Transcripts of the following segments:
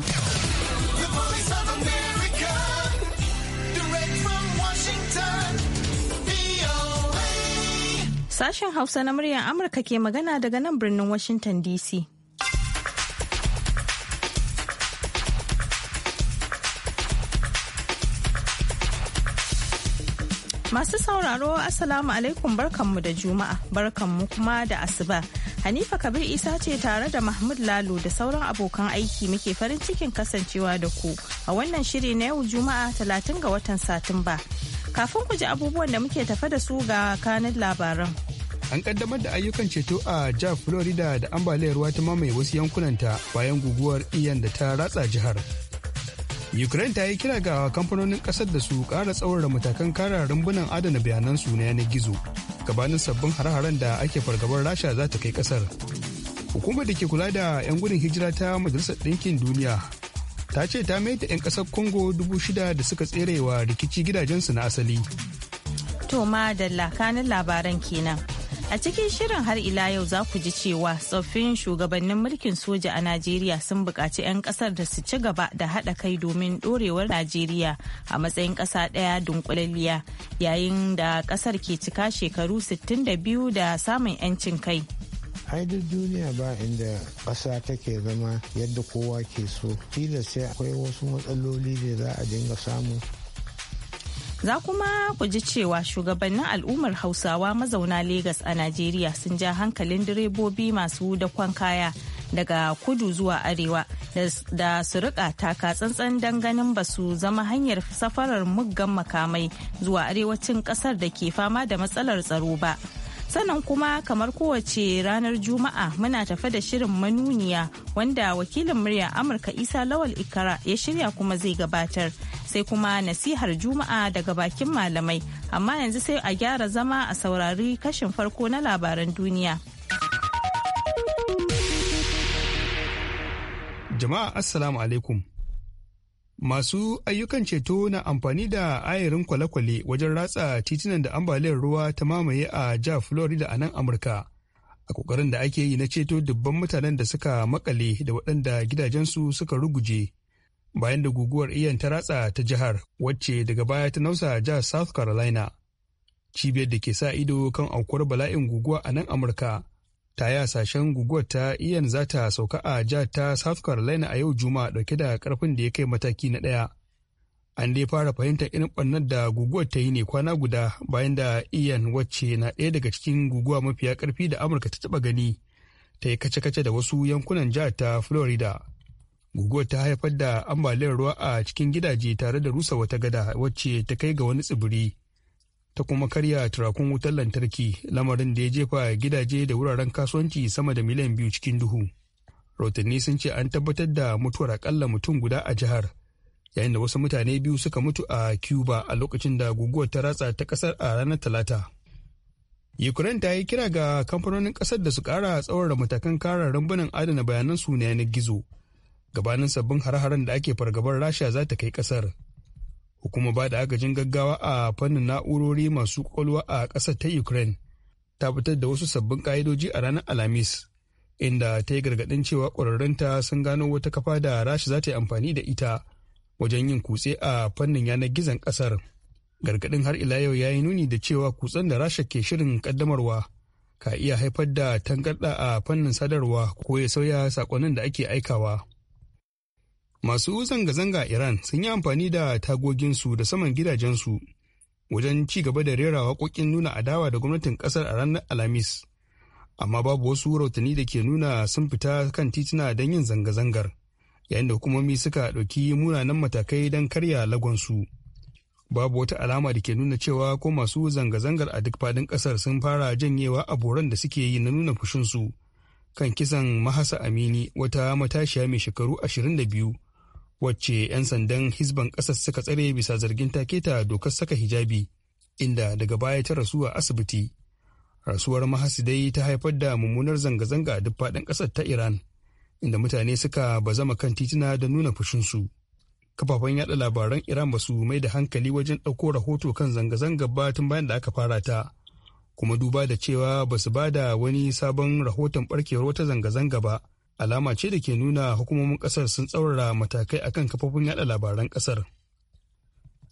Sashen Hausa na muryar Amurka ke magana daga nan birnin Washington DC. Masu sauraro, Assalamu alaikum barkanmu da Juma'a, barkanmu kuma da Asuba. Hanifa Kabir Isa ce tare da Mahmud Lalo da sauran abokan aiki muke farin cikin kasancewa da ku a wannan shiri na yau Juma'a 30 ga watan Satumba. Kafin ku ji abubuwan da muke tafa da su ga kanin labaran. An kaddamar da ayyukan ceto a jihar Florida da ambaliyar ruwa ta mamaye wasu yankunanta bayan guguwar iyan da ta ratsa jihar. Ukraine ta yi kira ga kamfanonin kasar da su ƙara tsaurara matakan kara rumbunan adana bayanansu na yanar gizo. gabanin sabbin har-haren da ake fargabar rasha za ta kai kasar hukumar da ke kula da 'yan gudun hijira ta majalisar ɗinkin duniya ta ce ta mai da 'yan ƙasar congo dubu shida da suka tserewa rikici gidajensu na asali to ma da lakanin labaran kenan A cikin shirin har ila yau za ku ji cewa tsoffin shugabannin mulkin soja a Najeriya sun buƙaci 'yan ƙasar da su ci gaba da haɗa kai domin ɗorewar Najeriya a matsayin ƙasa ɗaya dunkulalliya yayin da ƙasar ke cika shekaru 62 da samun 'yancin kai. ai duk duniya ba inda ƙasa take zama yadda kowa ke so tilas sai akwai wasu matsaloli da za a dinga samu Za kuma ku ji cewa shugabannin al'ummar Hausawa mazauna Legas a Najeriya sun ja hankalin direbobi masu dakon kaya daga kudu zuwa arewa da su rika taka tsantsan don ganin ba su zama hanyar safarar muggan makamai zuwa arewacin kasar da ke fama da matsalar tsaro ba. sannan kuma kamar kowace ranar juma'a muna tafe da shirin manuniya wanda wakilin murya amurka isa lawal ikara ya shirya kuma zai gabatar sai kuma nasihar juma'a daga bakin malamai amma yanzu sai a gyara zama a saurari kashin farko na labaran duniya jama'a assalamu alaikum Masu ayyukan ceto na amfani da ayarin kwale-kwale wajen ratsa titunan da ambaliyar ruwa ta mamaye a ja Florida a nan Amurka. A ƙoƙarin da ake yi na ceto dubban mutanen da suka makale da waɗanda gidajensu suka ruguje bayan da guguwar iyan ta ratsa ta jihar wacce daga baya ta nausa ja South Carolina. Cibiyar da ke sa ido kan aukuwar bala'in guguwa a nan Amurka ta yi hasashen guguwar ta iyan za ta sauka a jihar ta south carolina a yau juma'a dauke da karfin da ya kai mataki na daya an dai fara fahimtar irin ɓarnar da guguwar ta yi ne kwana guda bayan da iyan wacce na ɗaya daga cikin guguwa mafiya karfi da amurka ta taɓa gani ta yi kace-kace da wasu yankunan jihar ta florida guguwar ta haifar da ambaliyar ruwa a cikin gidaje tare da rusa wata gada wacce ta kai ga wani tsibiri ta kuma karya turakun wutar lantarki lamarin da ya jefa gidaje da wuraren kasuwanci sama da miliyan biyu cikin duhu rahotanni sun ce an tabbatar da mutuwar akalla mutum guda a jihar yayin da wasu mutane biyu suka mutu a cuba a lokacin da guguwar ta ratsa ta kasar a ranar talata ukraine ta yi kira ga kamfanonin kasar da su kara tsawara matakan kara rambunan adana bayanan su na yanar gizo gabanin sabbin hare-haren da ake fargabar rasha za ta kai kasar hukumar ba da agajin gaggawa a fannin na'urori masu kwalwa a ƙasar ta ukraine ta fitar da wasu sabbin ƙa'idoji a ranar alhamis inda ta yi gargaɗin cewa ƙwararrunta sun gano wata kafa da rasha za ta yi amfani da ita wajen yin kutse a fannin yanar gizon ƙasar gargaɗin har ila yau ya yi nuni da cewa kutsen da rasha ke shirin ƙaddamarwa ka iya haifar da tangarɗa a fannin sadarwa ko ya sauya saƙonnin da ake aikawa. masu zanga-zanga iran sun yi amfani da tagoginsu da saman gidajensu wajen ci gaba da rera waƙoƙin nuna adawa da gwamnatin ƙasar a ranar alhamis amma babu wasu rautani da ke nuna sun fita kan tituna don yin zanga-zangar yayin da hukumomi suka ɗauki munanan matakai don karya lagonsu babu wata alama da ke nuna cewa ko masu zanga-zangar a duk fadin ƙasar sun fara janyewa a boran da suke yi na nuna fushinsu kan kisan mahasa amini wata matashiya mai shekaru ashirin da biyu. wacce 'yan sandan hisban ƙasar suka tsare bisa zargin take ta dokar saka hijabi inda daga baya ta rasu a asibiti rasuwar mahasidai ta haifar da mummunar zanga-zanga a duk faɗin ƙasar ta iran inda mutane suka bazama kan titina da nuna fushinsu kafafen yada labaran iran ba su mai da hankali wajen ɗauko rahoto kan zanga-zanga ba tun bayan da aka fara ta kuma duba da cewa ba su ba da wani sabon rahoton ɓarkewar wata zanga-zanga ba alama ce da ke nuna hukumomin kasar sun tsaurara matakai akan kafofin yada labaran kasar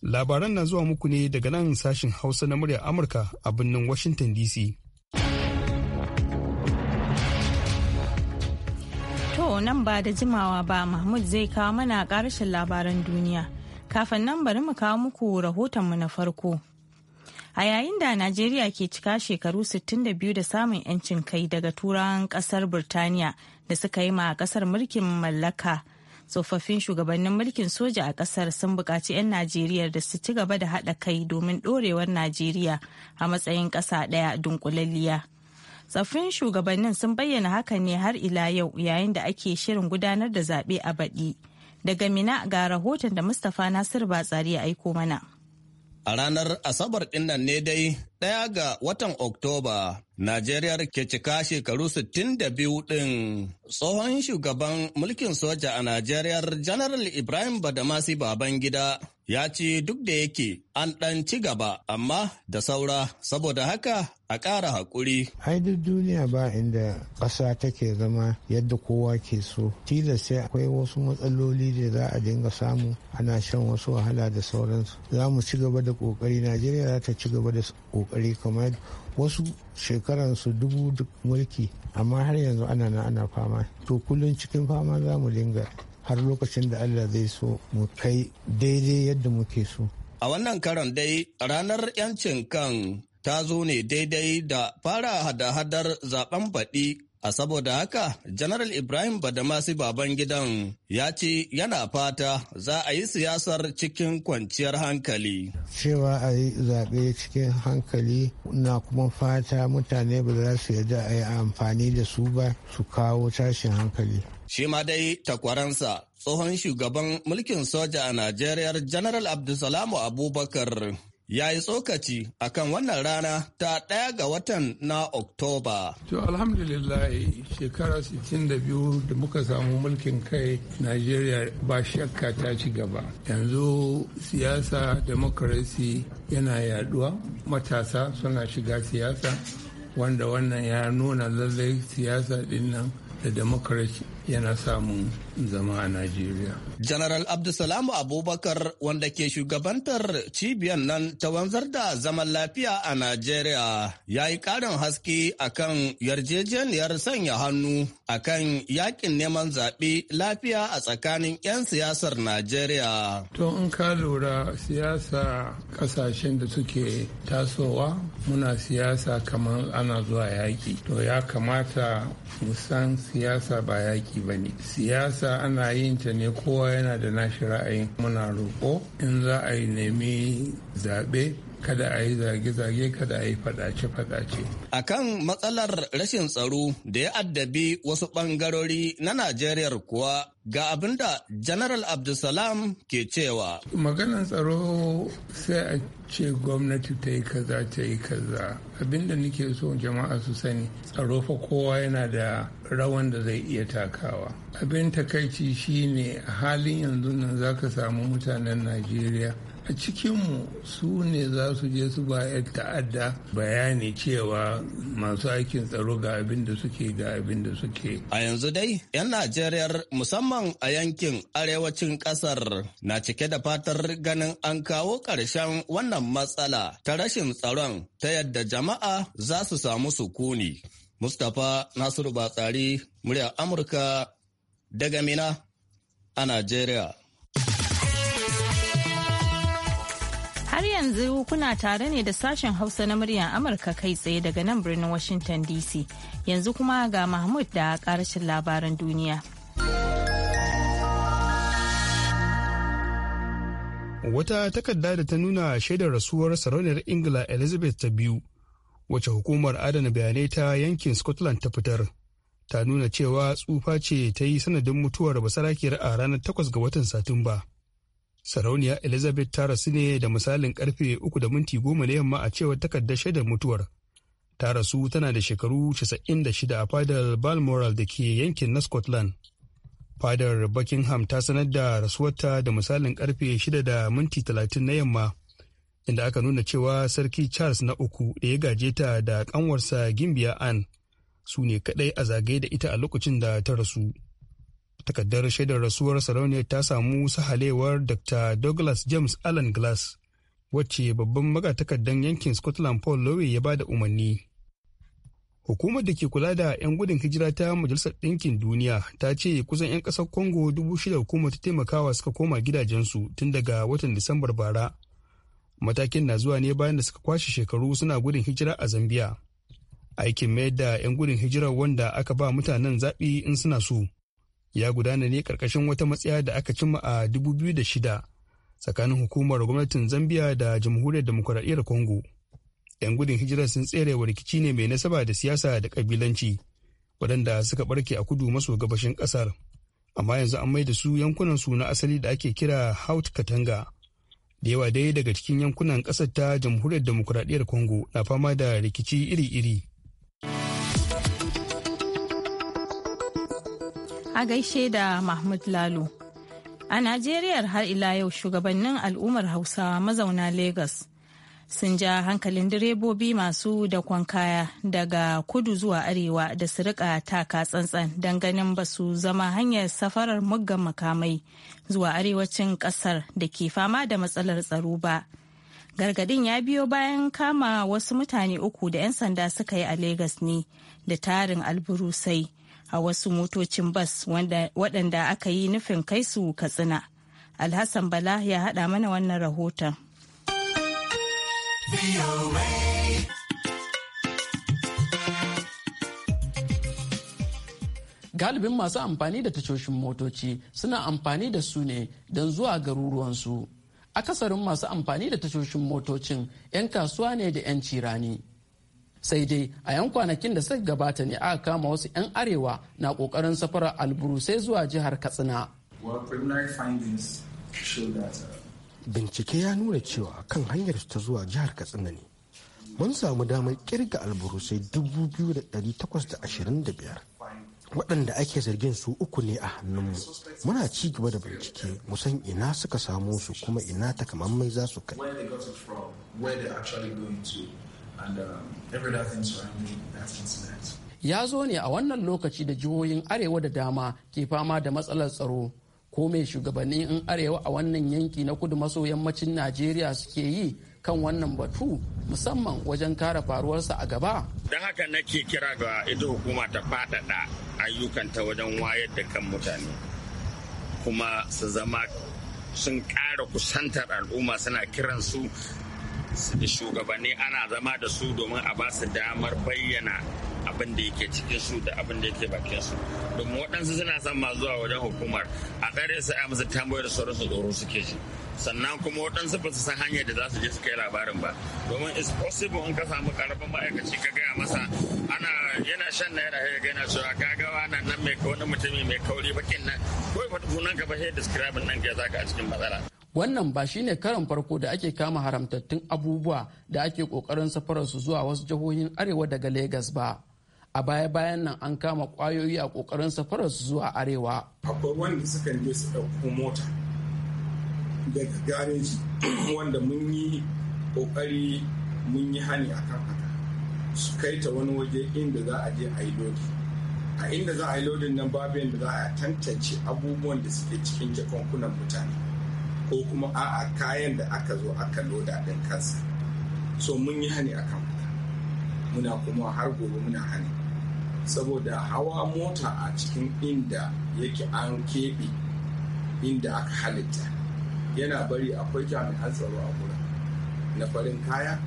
labaran na zuwa muku ne daga nan sashin hausa na muryar amurka a birnin washington dc to nan ba da jimawa ba mahmud zai kawo mana karshen labaran duniya kafin nan bari mu kawo muku rahotonmu na farko a yayin da najeriya ke cika shekaru 62 da samun 'yancin kai daga turawan kasar burtaniya da suka yi ma kasar mulkin mallaka tsofaffin shugabannin mulkin soja a kasar sun buƙaci 'yan najeriya da su ci gaba da haɗa kai domin ɗorewar najeriya a matsayin ƙasa ɗaya dunkulalliya tsoffin shugabannin sun bayyana haka ne har ila yau yayin da ake shirin gudanar da zaɓe a baɗi daga mina ga rahoton da mustapha nasir batsari ya aiko mana A ranar Asabar ɗinnan ne dai ɗaya ga watan Oktoba, Najeriya ke cika shekaru 62 ɗin. Tsohon shugaban mulkin soja a Najeriya, Janaral Ibrahim Badamasi Babangida ya ce duk da yake an ɗan ci gaba amma da saura saboda haka a ƙara haƙuri. Ai duk duniya ba inda ƙasa take zama yadda kowa ke so. tila sai akwai wasu matsaloli da za a dinga samu ana shan wasu wahala da sauransu. Za mu ci gaba da ƙoƙari Najeriya za ta ci gaba da ƙoƙari kamar wasu shekaransu dubu mulki amma har yanzu ana na ana fama. To kullum cikin fama za mu dinga har lokacin da Allah zai so mu kai daidai yadda muke so. A wannan karan dai ranar 'yancin kan ta zo ne daidai da fara hada-hadar zaben baɗi A saboda haka, Janaral Ibrahim Badamasi gidan ya ce yana fata za a yi siyasar cikin kwanciyar hankali. Cewa a yi zaɓe cikin hankali na kuma fata mutane ba za su yarda a yi amfani da su ba su kawo tashin hankali. Shi ma dai takwaransa tsohon shugaban mulkin soja a Najeriya Janaral Abdulsalamu Abubakar ya yi tsokaci akan wannan rana ta ɗaya ga watan na Oktoba. To alhamdulillah shekara 62 da muka samu mulkin kai Najeriya ba shakka ta ci gaba. Yanzu siyasa demokarasi yana yaduwa matasa suna shiga siyasa wanda wannan ya nuna lallai siyasa dinnan da demokarasi yana samun zama a Najeriya. General Abdulsalamu Abubakar wanda ke shugabantar cibiyar nan ta wanzar da zaman lafiya a Najeriya ya yi ƙarin haske akan yarjejeniyar sanya hannu akan yakin neman zaɓe lafiya a tsakanin 'yan siyasar Najeriya. To in ka lura siyasa ƙasashen da suke tasowa muna siyasa kamar ana zuwa yaƙi. To ya kamata mu san siyasa ba yaƙi aiki ba ne siyasa ana yin ta ne kowa yana da nashi ra'ayin muna roƙo in za a yi nemi zaɓe kada a yi zage-zage kada a yi fadace-fadace. A kan matsalar rashin tsaro da ya addabi wasu ɓangarori na Najeriya kuwa ga abin da General Abdulsalam ke cewa. Maganan tsaro sai a ce gwamnati ta yi kaza ta yi kaza. Abin da nake so jama'a su sani tsaro fa kowa yana da rawan da zai iya takawa. Abin takaici shine halin yanzu nan zaka samu mutanen Najeriya a cikinmu su ne za su je su ba ta'adda bayani cewa masu aikin tsaro ga abin da suke ga abin da suke. A yanzu dai, 'yan Najeriya musamman a yankin arewacin ƙasar na cike da fatar ganin an kawo ƙarshen wannan matsala ta rashin tsaron ta yadda jama'a za su samu sukuni. Mustapha Nasiru Batsari, muryar Amurka daga Mina a Najeriya. Har yanzu kuna tare ne da sashen Hausa na muryar Amurka kai tsaye daga nan birnin Washington DC. Yanzu kuma ga Mahmud da karashin labaran duniya. Wata takarda da ta nuna shaidar rasuwar sarauniyar Ingila Elizabeth ta biyu, wacce hukumar adana bayanai ta yankin Scotland ta fitar, ta nuna cewa tsufa ce ta yi sanadin mutuwar basarakiyar a ranar 8 ga watan Satumba. sarauniya elizabeth ta rasu ne da misalin karfe uku da minti goma na yamma a cewar takardar shaidar mutuwar ta rasu tana da shekaru 96 a fadar balmoral da ke yankin na scotland fadar buckingham ta sanar da rasuwarta da misalin karfe 6 da minti 30 na yamma inda aka nuna cewa sarki charles na uku da ya gaje ta da kanwarsa gimbiya anne su ne kadai a zagaye da ita a lokacin da ta rasu takaddar shaidar rasuwar sarauniyar ta samu sahalewar dr douglas james allen glass wacce babban magatakardan yankin scotland paul lowe ya ba da umarni hukumar da ke kula da 'yan gudun hijira ta majalisar ɗinkin duniya ta ce kusan 'yan ƙasar congo dubu shida hukumar ta taimakawa suka koma gidajensu tun daga watan disambar bara matakin na zuwa ne bayan da suka kwashe shekaru suna gudun hijira a zambia aikin mayar da 'yan gudun hijira wanda aka ba mutanen zaɓi in suna su. ya gudana ne karkashin wata matsaya da aka cimma a 2006 tsakanin hukumar gwamnatin zambia da jamhuriyar demokuraɗiyyar congo 'yan gudun hijira sun tsere wa rikici ne mai nasaba da siyasa da kabilanci waɗanda suka barke a kudu maso gabashin ƙasar amma yanzu an maida su yankunan su na asali da ake kira haut katanga da yawa dai daga cikin yankunan ƙasar ta jamhuriyar demokuraɗiyyar congo na fama da rikici iri-iri a gaishe da Mahmud Lalo. A Najeriya har ila yau shugabannin al'ummar Hausawa mazauna Legas sun ja hankalin direbobi masu da kaya daga kudu zuwa arewa da su rika taka tsantsan don ganin ba su zama hanyar safarar muggan makamai zuwa arewacin kasar da ke fama da matsalar tsaro ba. gargadin ya biyo bayan kama wasu mutane uku da 'yan sanda suka yi a Legas ne da tarin alburusai a wasu motocin bas waɗanda aka yi nufin kai su katsina. Alhassan Bala ya haɗa mana wannan rahoton. galibin masu amfani da tashoshin motoci suna amfani da su ne don zuwa garuruwansu akasarin masu amfani da tashoshin motocin 'yan kasuwa ne da 'yan cirani sai dai a yan kwanakin da suka gabata ne aka kama wasu 'yan arewa na kokarin safarar alburusai zuwa jihar katsina uh, bincike ya nuna cewa kan hanyar ta zuwa jihar katsina ne mun samu damar kirga alburusai 2,825 waɗanda ake zargin su uku ne a hannunmu muna ci gaba da bincike musan ina suka samo su kuma ina takamammai za su kai Um, ya zo ne a wannan lokaci da jihohin Arewa da dama ke fama da matsalar tsaro. Ko mai shugabanni in Arewa a wannan yanki na kudu maso yammacin Najeriya suke yi kan wannan batu musamman wajen kara faruwarsa a gaba. Don haka nake kira ga ita hukuma ta faɗaɗa ayyukanta wajen wayar da kan mutane kuma su zama sun ƙara kusantar al'umma suna kiransu da shugabanni ana zama da su domin a ba su damar bayyana abin da yake cikin su da abin da yake bakin su domin waɗansu suna son ma zuwa wajen hukumar a tsare su a musu tambayar da sauransu tsoro suke ji sannan kuma waɗansu ba su san hanyar da za su je su kai labarin ba domin is possible in ka samu karamin ma'aikaci ka gaya masa ana yana shan naira ya gaina cewa gagawa ga nan mai wani mutumi mai kauri bakin nan kawai fa ka ba sai describe nan ka zaka a cikin matsala wannan ba shine karan farko da ake kama haramtattun abubuwa da ake kokarin su zuwa wasu jihohin arewa daga Legas ba. A baya-bayan nan an kama kwayoyi a kokarin su zuwa arewa. Akwai wanda suka je su ɗauko mota daga gareji wanda mun yi kokari mun yi hani a kan haka su kai ta wani waje inda za a je a yi lodi. A inda za a yi lodin nan babu yadda za a tantance abubuwan da suke cikin jakunkunan mutane. ko kuma a'a kayan da aka zo aka loda ɗin kansa so mun yi hani akan haka muna kuma har gobe muna hani saboda hawa mota a cikin inda yake an keɓe inda aka halitta yana bari akwai jami'an tsaro a wurin na farin kaya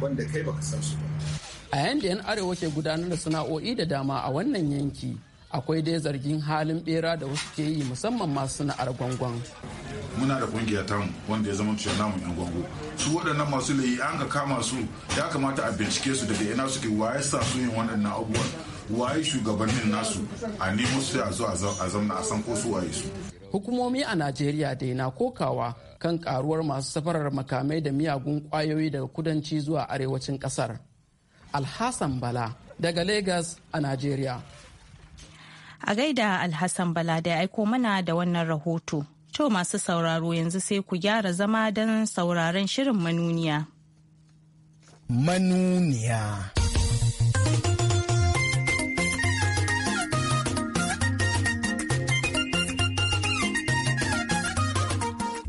wanda kai baka san su ba a yayin da 'yan arewa ke gudanar da sana'o'i da dama a wannan yanki akwai dai zargin halin bera da wasu ke yi musamman masu sana'ar gwangwan muna da kungiya mu wanda ya zama tushe namu yan gwango su waɗannan masu layi an ka kama su ya kamata a bincike su daga ina suke waye sa su yin waɗannan abubuwan waye shugabannin nasu a nemo su a zo a zamna a san ko su waye su hukumomi a najeriya daina na kokawa kan karuwar masu safarar makamai da miyagun kwayoyi daga kudanci zuwa arewacin kasar alhassan bala daga lagos a najeriya a gaida alhassan bala da ya aiko mana da wannan rahoto To masu sauraro yanzu sai ku gyara zama don sauraron shirin manuniya. Manuniya.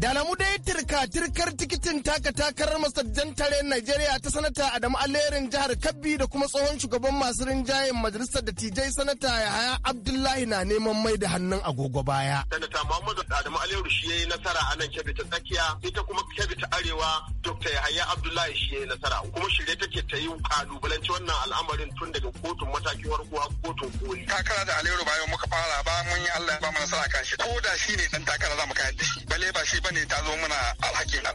Dalamu dai turkar tikitin taka takarar masarjan tare Najeriya ta sanata Adamu Alerin jihar Kabbi da kuma tsohon shugaban masu rinjayen majalisar da tijai sanata Yahaya Abdullahi na neman mai da hannun agogo baya. Sanata Muhammadu Adamu Aleru shi yayi nasara a nan Kebbi tsakiya ita kuma Kebbi ta arewa Dr. Yahaya Abdullahi shi yayi nasara kuma shirye take ta yi kalubalanci wannan al'amarin tun daga kotun matakin farko har kotun koli. Takara da Aleru bayan muka fara ba mun yi Allah ya ba mu nasara kan shi ko da shi ne dan takara za mu kayar da bale ba shi bane ta zo muna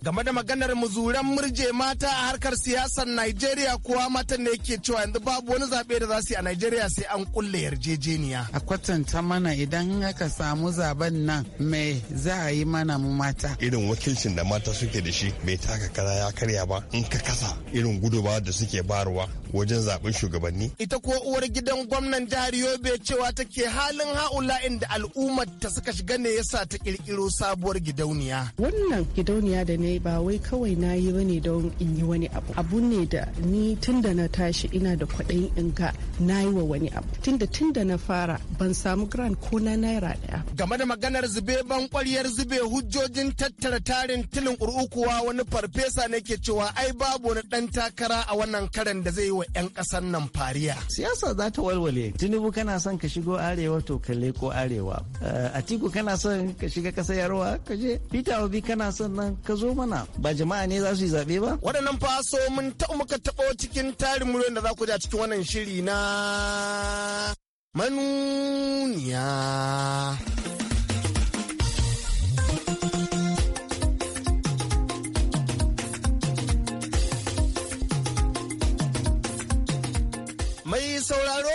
Game da maganar muzuran murje mata a harkar siyasar Najeriya kuwa matan ne ke cewa yanzu babu wani zaɓe da za su yi a Najeriya sai an kulle yarjejeniya. A kwatanta mana idan aka samu zaben nan me za a yi mana mu mata. Irin wakilcin da mata suke da shi bai taka kara ya karya ba in ka kasa irin guduma da suke barwa wajen zaben shugabanni. Ita ko uwar gidan gwamnan jihar Yobe cewa take halin ha'ula inda al'ummar ta suka shiga ne yasa ta kirkiro sabuwar gidauniya. Wannan gidauniya sarauniya da na yi ba wai kawai na yi bane don in yi wani abu abu ne da ni tun da na tashi ina da kwaɗayin in ga na yi wa wani abu tun da tun da na fara ban samu grand ko na naira ɗaya. game da maganar zube ban kwaryar zube hujjojin tattara tarin tilin urukuwa wani farfesa ne ke cewa ai babu wani ɗan takara a wannan karan da zai yi wa 'yan ƙasar nan fariya. siyasa za ta walwale tinubu kana son ka shigo arewa to kalle ko arewa eh, atiku kana son ka shiga ƙasar yarwa ka je peter obi kana son nan ka zo mana ba jama'a ne za su yi zaɓe ba waɗannan faso mun taɓa muka taɓo cikin tarin muryoyin da za ku ji a cikin wannan shiri na manuniya mai sauraro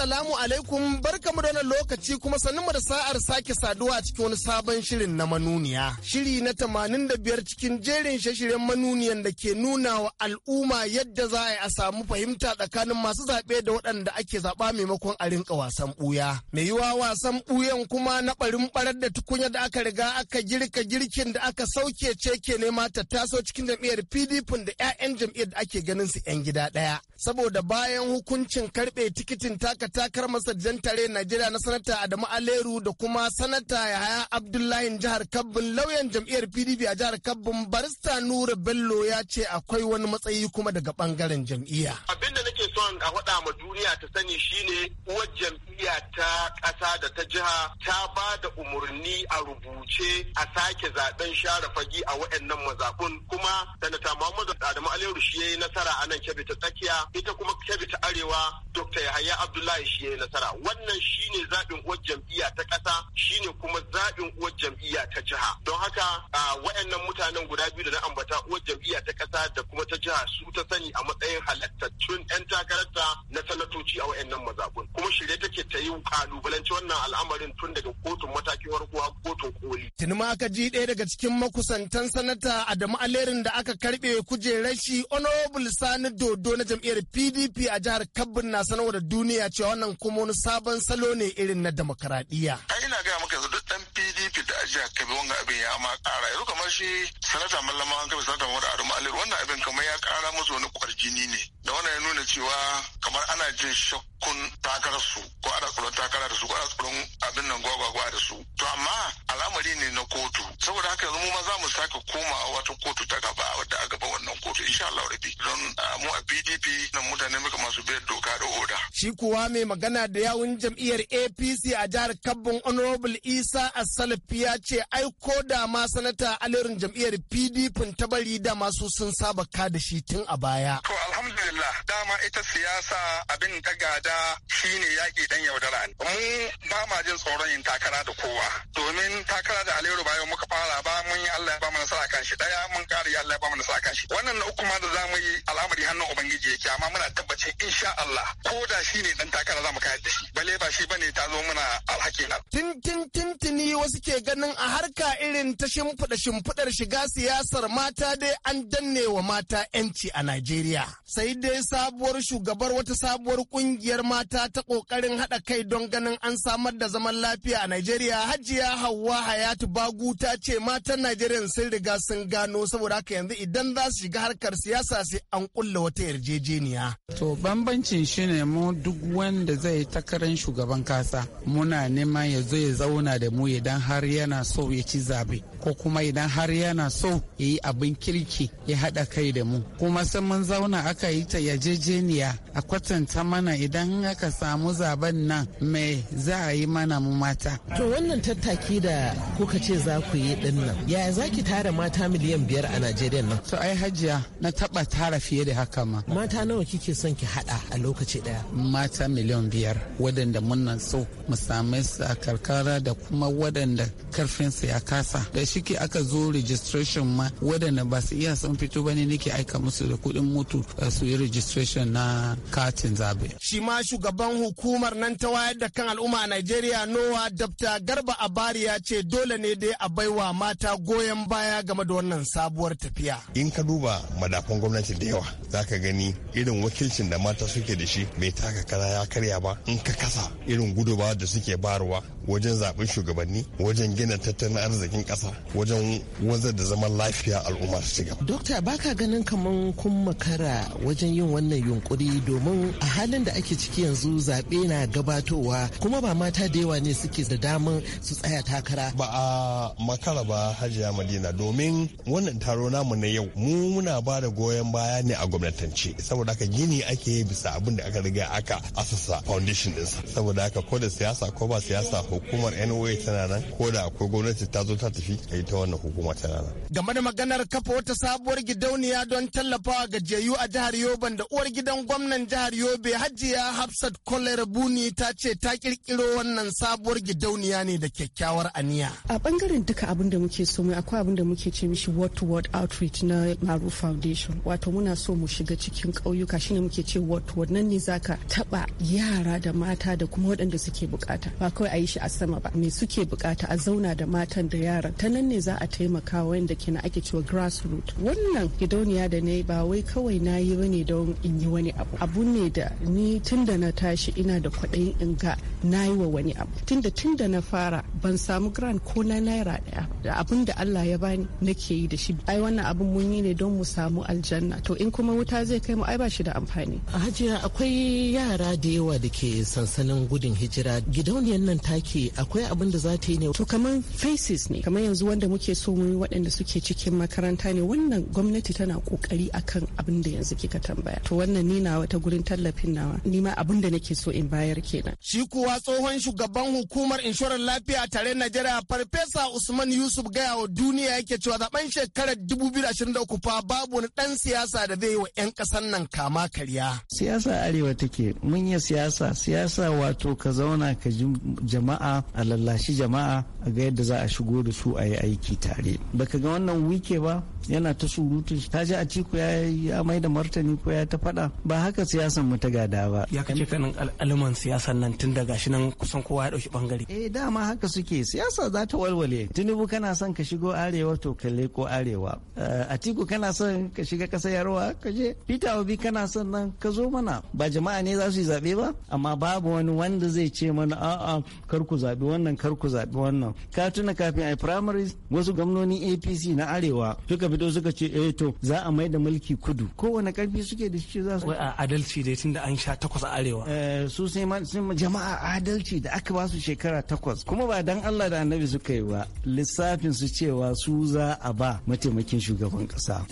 Assalamu alaikum barkamu da wannan lokaci kuma mu da sa'ar sake saduwa cikin wani sabon shirin na manuniya. Shiri na tamanin da biyar cikin jerin shashiren manuniyan da ke nuna wa al'umma yadda za a samu fahimta tsakanin masu zaɓe da waɗanda ake zaɓa maimakon a rinka wasan ɓuya. Me yiwa wasan ɓuyan kuma na ɓarin ɓarar da tukunya da aka riga aka girka girkin da aka sauke ce ke nema ta taso cikin jam'iyyar PDP da 'ya'yan jam'iyyar da ake ganin su 'yan gida ɗaya. Saboda bayan hukuncin karɓe tikitin taka takar masarjan tare Najeriya na sanata Adamu Aleru da kuma sanata Yahaya Abdullahi jihar Kabbin lauyan jam'iyyar PDP a jihar Kabbin barista Nura Bello ya ce akwai wani matsayi kuma daga bangaren jam'iyya. Abin da nake son a faɗa ma duniya ta sani shine uwar jam'iyya ta ƙasa da ta jiha ta ba da umarni a rubuce a sake zaben share fagi a waɗannan mazaɓun kuma sanata Muhammadu Adamu Aleru shi ya yi nasara a nan Kebbi tsakiya ita kuma Kebbi ta arewa Dr. Yahaya Abdullahi shi ya yi nasara. Wannan shi ne zaɓin uwar jam'iyya ta ƙasa shi ne kuma zaɓin uwar jam'iyya ta jiha. Don haka a waɗannan mutanen guda biyu da na ambata uwar jam'iyya ta ƙasa da kuma ta jiha su ta sani a matsayin halattattun 'yan takararta na sanatoci a wa'annan mazaɓun. Kuma shirye take ta yi kalubalanci wannan al'amarin tun daga kotun matakin farko kotun koli. Tuni ma aka ji ɗaya daga cikin makusantan sanata Adamu Alerin da aka karɓe kujerar shi Honorable Sani Dodo na jam'iyyar PDP a jihar Kabin na sanarwa da duniya cewa wannan kuma wani sabon salo ne irin na demokaradiyya. Ai ina gaya maka yanzu duk ɗan PDP da a jihar Kabin wanga abin ya ma ƙara yanzu kamar shi sanata Mallama an kabe sanata Muhammad Adamu Alerin wannan abin kamar ya ƙara musu wani kwarjini ne. Da wannan ya nuna cewa kamar ana jin shakkun takararsu ko ana tsoron takara da su ko ana tsoron abin nan gwagwagwa da su. To al'amari ne na kotu saboda haka yanzu mu ma za mu sake komawa wata kotu ta gaba wadda insha Allah rabi don ah, mu a PDP na mutane muka masu biyar doka da oda. Shi kuwa mai magana da yawun jam'iyyar APC a jihar Kabban Honorable Isa Asalafi ya ce ai ko da ma sanata alerin jam'iyyar PDP ta bari da masu sun saba ka da shi tun a baya. To alhamdulillah dama ita siyasa abin ta gada shine yaƙi dan yaudara ne. Mu ba ma jin tsoron yin takara da kowa domin takara da Aliyu bayan muka fara ba mun yi Allah ya ba mu nasara kan shi daya mun kare Allah ya ba mu nasara kan shi. Wannan na uku kuma da za mu yi al'amari hannun ubangiji yake amma muna tabbacin insha Allah ko da shi ne dan takara za mu kayar da shi bale ba shi bane ta zo muna alhaki na. Tintin tintini wasu ke ganin a harka irin ta shimfiɗa shimfiɗar shiga siyasar mata dai an danne wa mata 'yanci a Najeriya. Sai dai sabuwar shugabar wata sabuwar kungiyar mata ta kokarin haɗa kai don ganin an samar da zaman lafiya a Najeriya Hajiya Hauwa Hayatu Bagu ta ce matan Najeriya sun riga sun gano saboda haka yanzu idan za su shiga harkar harkar siyasa sai an kulla wata yarjejeniya. To bambancin shi ne mu duk wanda zai takarar shugaban kasa muna neman ya zo ya zauna da mu idan har yana so ya ci zabe ko kuma idan har yana so ya yi abin kirki ya haɗa kai da mu. Kuma sai mun zauna aka yi ta yarjejeniya a kwatanta mana idan aka samu zaben nan me za a yi mana mu mata. To wannan tattaki da kuka ce za ku yi ɗin nan yaya za ki tara mata miliyan biyar a Najeriya nan? To ai hajiya na taba tara fiye da haka ma mata nawa kike son ki hada a lokaci daya mata miliyan biyar waɗanda munnan so mu same su karkara da kuma waɗanda karfin su ya kasa da shike aka zo registration ma waɗanda ba su iya sun fito bane nake aika musu da kuɗin mutu eh, su yi registration na katin zabe shi ma shugaban hukumar nan ta wayar da kan al'umma a Najeriya Nowa Dr. Garba Abari ya ce dole ne dai a baiwa mata goyon baya game da wannan sabuwar tafiya in ka duba madafan gwamnati da yawa za ka gani irin wakilcin da mata suke da shi bai taka kaza ya karya ba in ka kasa irin gudoba da suke barwa wajen zaɓen shugabanni wajen gina tattalin arzikin ƙasa wajen wanzar da zaman lafiya al'umma su ci gaba. dokta baka ganin kamar kun makara wajen yin wannan yunkuri domin a halin da ake ciki yanzu zaɓe na gabatowa kuma ba mata da yawa ne suke da damar su tsaya takara. ba a makara ba hajiya madina domin wannan taro namu na yau mu muna ba da goyon baya ne a gwamnatance saboda haka gini ake yi bisa abin da aka riga aka asasa foundation ɗinsa saboda haka ko da siyasa ko ba siyasa hukumar NOA tana nan ko da akwai gwamnati ta zo ta tafi a ita wannan hukuma tana nan. Game da maganar kafa wata sabuwar gidauniya don tallafawa gajiyayyu a jihar yobe da uwar gidan gwamnan jihar Yobe Hajiya Hafsat Kolar Buni ta ce ta kirkiro wannan sabuwar gidauniya ne da kyakkyawar aniya. A bangaren duka abin da muke so mai akwai abin da muke ce mishi word to word outreach na Maru Foundation. foundation wato muna so mu shiga cikin ƙauyuka shine muke ce wato wannan ne zaka taba yara da mata da kuma waɗanda suke bukata ba kawai a yi shi a sama ba me suke bukata a zauna da matan da yaran ta nan ne za a taimaka wanda kina ake cewa root wannan gidauniya da yi ba wai kawai na yi bane don in yi wani abu abu ne da ni tun da na tashi ina da kwaɗayin in ga na yi wa wani abu tun da na fara ban samu grant ko na naira ɗaya da abun da Allah ya bani nake yi da shi ai wannan abin mun yi ne don mu samu mu aljanna to in kuma wuta zai kai mu ai ba shi da amfani hajiya akwai yara da yawa da ke sansanin gudun hijira gidauniyar nan take akwai abin da za ta yi ne to kamar faces ne kamar yanzu wanda muke so mu yi waɗanda suke cikin makaranta ne wannan gwamnati tana kokari akan abin da yanzu kika tambaya to wannan ni na wata gurin tallafin nawa ni ma abin da nake so in bayar kenan shi kuwa tsohon shugaban hukumar inshorar lafiya tare Najeriya farfesa Usman Yusuf gaya wa duniya yake cewa zaben shekarar 2023 fa babu wani ɗan siyasa da zai yi wa 'yan kasan nan kama karya. Siyasa arewa take mun yi siyasa siyasa wato ka zauna ka ji jama'a a lallashi jama'a a ga yadda za a shigo da su a yi aiki tare. Baka ga wannan wike ba yana ta surutu ta ji a ya yi amai da martani ko ya ta faɗa ba haka siyasan mu ta gada ba. Ya ka kanin al'alman siyasan nan tun daga shi nan kusan kowa ya ɗauki bangare. Eh dama haka suke siyasa za ta walwale. Tinubu kana son ka shigo arewa to ka leko arewa. Eh, Atiku kana son ka shiga ƙasar yarwa ka je peter obi kana son nan ka zo mana ba jama'a ne za su yi zaɓe ba amma babu wani wanda zai ce mana a'a kar ku zaɓi wannan kar ku zaɓi wannan ka tuna kafin a primary wasu gwamnonin apc na arewa suka fito suka ce eh to za a mai da mulki kudu kowane karfi suke da shi za su a adalci dai tunda an sha takwas a arewa eh, su sai jama'a adalci da aka ba su shekara takwas kuma ba dan Allah da annabi suka yi ba lissafin su cewa su za a ba mataimakin shugaban kasa.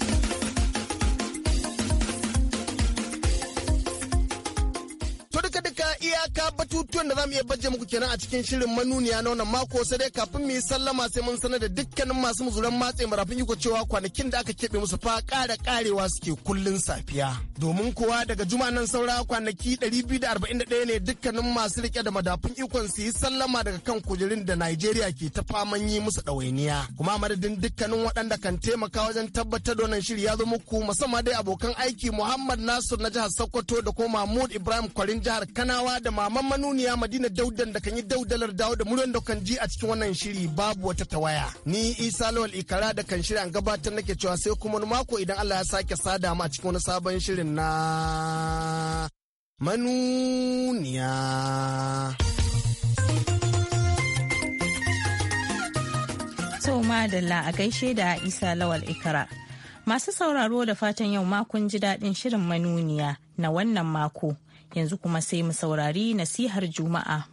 da za mu iya bajje muku kenan a cikin shirin manuniya na wannan mako sai dai kafin mu yi sallama sai mun sanar da dukkanin masu muzuran matse marafin iko cewa kwanakin da aka keɓe musu fa ƙara ƙarewa suke kullun safiya. Domin kuwa daga juma nan saura kwanaki 241 ne dukkanin masu rike da madafun ikon su yi sallama daga kan kujerun da Najeriya ke ta faman yi musu ɗawainiya. Kuma madadin dukkanin waɗanda kan taimaka wajen tabbatar da wannan shiri ya zo muku musamman dai abokan aiki Muhammad Nasir na jihar Sokoto da kuma Mahmud Ibrahim Kwarin jihar Kanawa da Maman Manuniya madina daudan da kan yi daudalar dawo da muryar da kan ji a cikin wannan shiri babu wata tawaya ni isa lawal ikara da kan shirin gabatar nake cewa sai kuma mako idan allah ya sake sada mu a cikin wani sabon shirin na manuniya da la a gaishe da isa lawal ikara masu sauraro da fatan yau makon ji daɗin shirin manuniya na wannan mako yanzu kuma sai mu saurari nasihar juma'a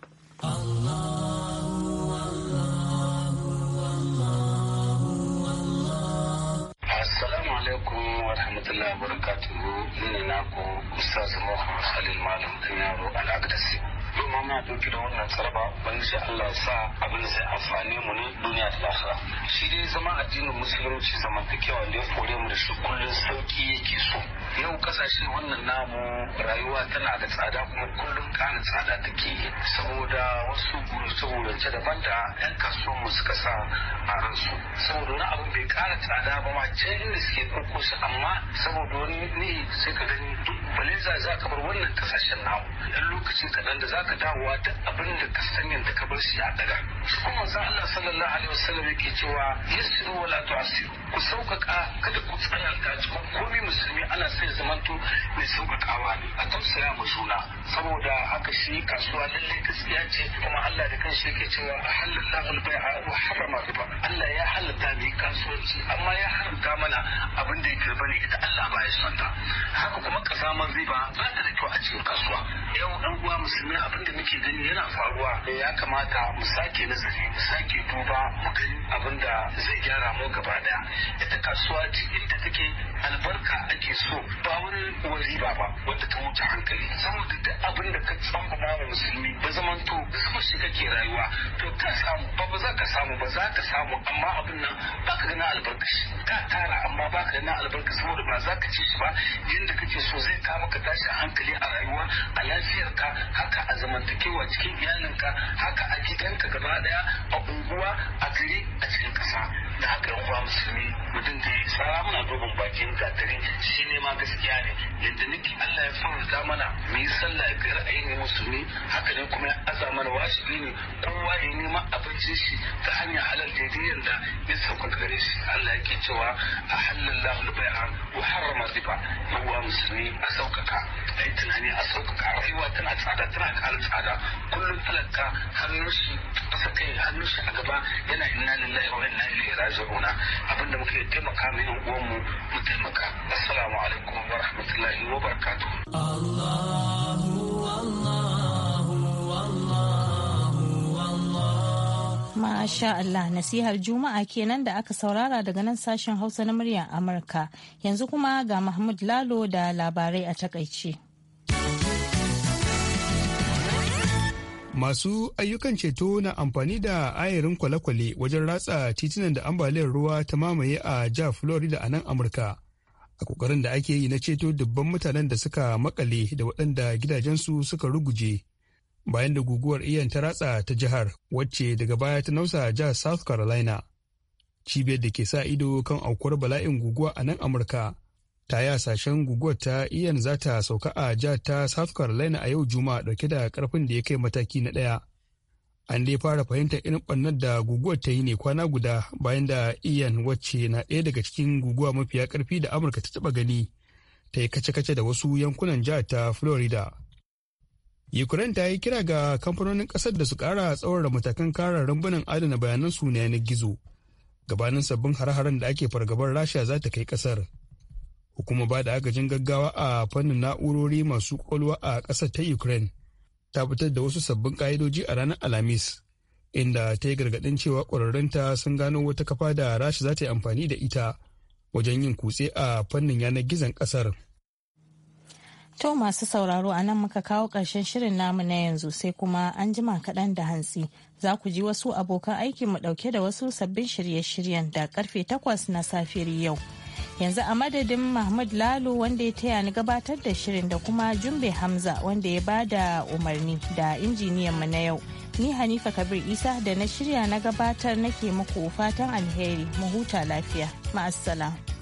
Assalamu alaikum wa rahmatullahi wa barakatuhu ina naku Ustaz Rohan Khalil Malam Kanyaro Al-Agdasi. yau ma muna dauke da wannan tsaraba ubangiji Allah ya sa abin zai amfane mu ne duniya ta lahira shi dai zama addinin musulunci zamantakewa da ya kore mu da shi kullum sauki yake so yau kasashe wannan namu rayuwa tana da tsada kuma kullum ƙara tsada take saboda wasu gurace-gurace daban da 'yan kasuwan mu suka sa a ransu saboda wani abin bai ƙara tsada ba ma can inda suke ɗauko shi amma saboda wani ne sai ka gani duk baliza za ka bar wannan kasashen namu 'yan lokacin kaɗan da za sake dawowa duk abin da ka san yadda ka bar shi a daga shi kuma manzon Allah sallallahu alaihi wasallam yake cewa yassiru wala tu'siru ku sauƙaƙa kada ku tsananta cikin komai musulmi ana sai zamanto mai sauƙaƙawa ne a tausaya ma juna saboda haka shi kasuwa lallai gaskiya ce kuma Allah da kanshi yake cewa halallahu al-bai'a wa harrama riba Allah ya halatta ne kasuwanci amma ya haramta mana abin da yake bane ita Allah ba ya son ta haka kuma kasamar riba ba ta da kyau a cikin kasuwa yau dan uwa musulmi a abin da muke gani yana faruwa ya kamata mu sake nazari mu sake duba mu gani abin da zai gyara mu gaba daya ita kasuwa ce inda take albarka ake so ba wani wari ba ba wanda ta wuce hankali saboda duk abin da ka tsamba wa musulmi ba zaman to zama shi kake rayuwa to ka samu ba ba za ka samu ba za ka samu amma abin nan ba ka gana shi ka tara amma ba ka gana albarka saboda ba za ka ci shi ba yadda kake so zai ka maka tashin hankali a rayuwa a lafiyarka haka a zamantakewa cikin iyalinka haka a gidanka gaba daya a unguwa a gari a cikin ƙasa na haka yan uwa musulmi mutum da tsara muna dogon bakin gatari shi ne ma gaskiya ne yadda nake Allah ya faranta mana mu yi sallah biyar a musulmi haka ne kuma ya aza mana wajibi ne kowa ya nema abincin shi ta hanyar halal da yadda ya sauka gare shi Allah ke cewa a halallahu al-bai'a wa harrama riba yan uwa musulmi a saukaka ai tunani a saukaka rayuwa tana tsada tana kara tsada kullum talaka hannun shi ƙasa kai hannun shi a gaba yana inna lillahi wa inna ilaihi raji'una abinda muke taimaka mu yan mu mu taimaka assalamu alaikum wa rahmatullahi wa barakatuh Allahu Allahu Allahu Allahu Masha Allah nasihar Juma'a kenan da aka saurara daga nan sashen Hausa na muryar Amurka yanzu kuma ga Mahmud Lalo da labarai a takaice. masu ayyukan ceto na amfani da ayarin kwale-kwale wajen ratsa titunan da ambaliyar ruwa ta mamaye a jihar florida a nan amurka a kokarin da ake yi na ceto dubban mutanen da suka makale da waɗanda gidajensu suka ruguje bayan da guguwar iyan ta ratsa ta jihar wacce daga baya ta nausa jihar south carolina cibiyar da ke sa ido kan aukuwar bala'in guguwa a nan amurka ta yi hasashen guguwar ta iyan za ta sauka a jihar ta south carolina a yau juma'a dauke da karfin da ya kai mataki na daya an dai fara fahimtar irin bannan da guguwar ta yi ne kwana guda bayan da iyan wacce na ɗaya daga cikin guguwa mafiya karfi da amurka ta taɓa gani ta yi kace-kace da wasu yankunan jihar ta florida ukraine ta yi kira ga kamfanonin ƙasar da su ƙara tsawara matakan kararren rumbunan adana bayanansu na yanar gizo gabanin sabbin hare-haren da ake fargabar rasha za ta kai ƙasar hukumar ba da agajin gaggawa a fannin na'urori masu kwalwa a ƙasar ta ukraine ta fitar da wasu sabbin ƙa'idoji a ranar alhamis inda ta yi gargaɗin cewa ƙwararrunta sun gano wata kafa da rasha za ta yi amfani da ita wajen yin kutse a fannin yanar gizon ƙasar To masu sauraro a nan muka kawo ƙarshen shirin namu na yanzu sai kuma an jima kaɗan da hantsi za ku ji wasu abokan aiki mu ɗauke da wasu sabbin shirye-shiryen da karfe takwas na safiyar yau. yanzu a madadin mahmud lalo wanda ya taya ni gabatar da shirin da kuma jumbe hamza wanda ya ba da umarni da injiniyan mu na yau ni hanifa kabir isa da na shirya na gabatar nake muku fatan alheri mu huta lafiya ma'assalam